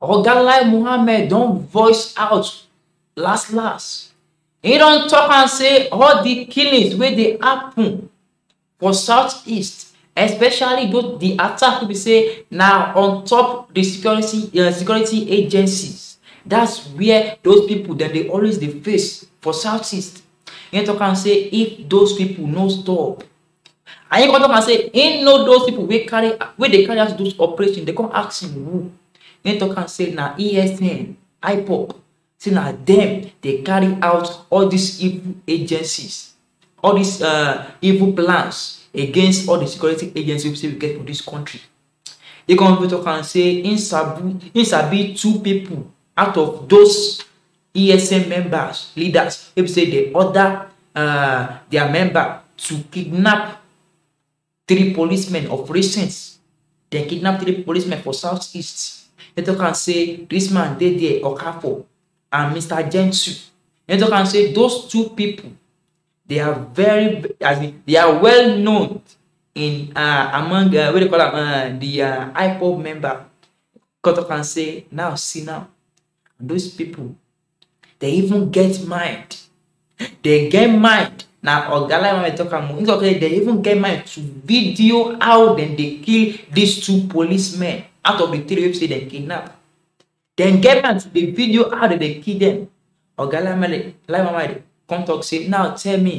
Oga like Muhammad don't voice out last last. He don't talk and say all oh, the killings where they happen for southeast especially those the attack we say now on top the security uh, security agencies that's where those people that they always dey face for southeast him talk and say if those people no stop I ain't come talk am say him know those people wey carry where they carry out those operations They come ask him who im talk am say na esn ipob say na dem dey carry out all these evil agencies all these uh, evil plans against all the security agencies wey we get for this country e come even talk am say im sabi im sabi two people out of those esn members leaders wey be say dey order uh, their member to kidnap three policemen of recent dem kidnap three policemen for southeast You can say, this man did there, Okafor, and Mr. Gentry. You can say, those two people, they are very, as in, they are well known in uh, among, uh, what do call them, uh, the uh, IPOB member. Koto can say, now, see now, those people, they even get mind. They get mind na oga láìpẹ́ mẹ́ta kan mú say they even get mind to video how dem dey kill these two policemen out of the three wey say dem kidnap dem get am to dey video how dem dey kill dem oga lamale lamamade come talk say now tell me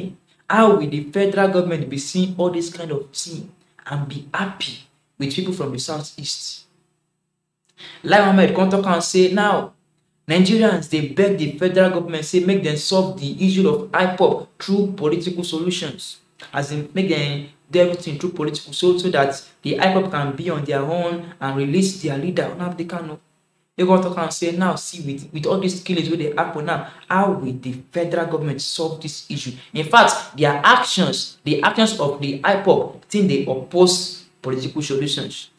how will the federal government be seeing all this kind of thing and be happy with people from the southeast lamamade come talk am say now nigerians they beg the federal government say make them solve the issue of IPOP through political solutions as in make dem do everything through political so so that the IPOB can be on their own and release their leader Nnamdi They go talk am say now see with with all these killings wey dey happen now how will the federal government solve this issue in fact their actions the actions of the IPOB think they oppose political solutions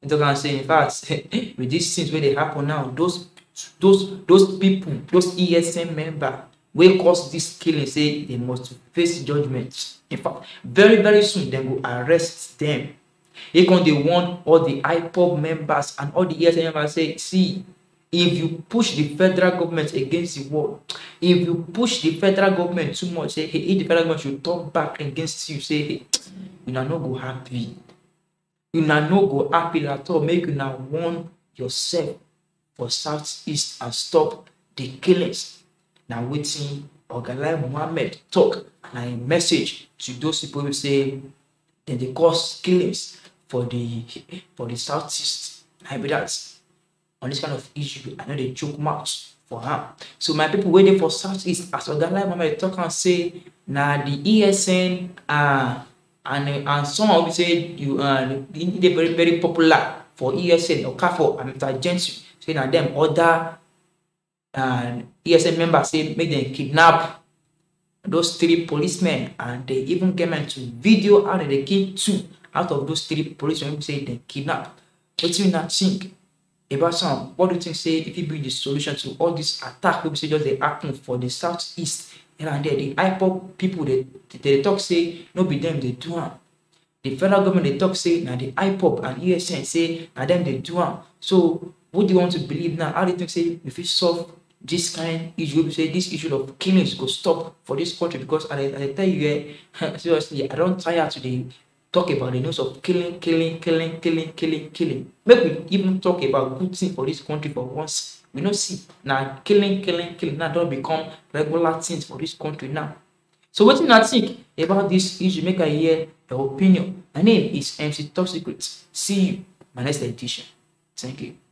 They talk am say in fact with these things wey dey happen now those those those people those ESN members wey cause dis killing say dem must face judgement in fact very very soon dem go arrest dem he come dey warn all di ipob members and all di esn members say see if you push di federal government against di wall if you push di federal government too much say hey if di federal government should turn back against you say hey una no go happy una no go happy at all make una warn yourself for southeast and stop di killings na wetin ogalai mohammed talk na im message to those people wey say dem dey cause killings for di for di southeast na on dis kind of issue i no dey chook mouth for am so my people wey dey for southeast as ogalai mohammed talk am say na di esn uh, and and some of say you uh, dey very very popular for esn okafor and mr jensen say na dem order and ESN members say make them kidnap those three policemen and they even came into video and they killed two out of those three policemen who say they kidnap. What do you not think about some? What do you think say if it be the solution to all this attack people say just they happen for the southeast and and there the IPOP people they, they talk say no be them they do am. The federal government they talk say now the IPOP and ESN say now them they do am. So what do you want to believe now? How do you think say if you solve this kind issue wey say this issue of killings go stop for this country because I i tell you eh, seriously i don tire to dey talk about the news of killing killing killing killing killing killing make we even talk about good thing for this country for once we no see na killing killing killing now don become regular thing for this country now so wetin una think about this issue make i hear your opinion my name is mc top secret see you my next edition thank you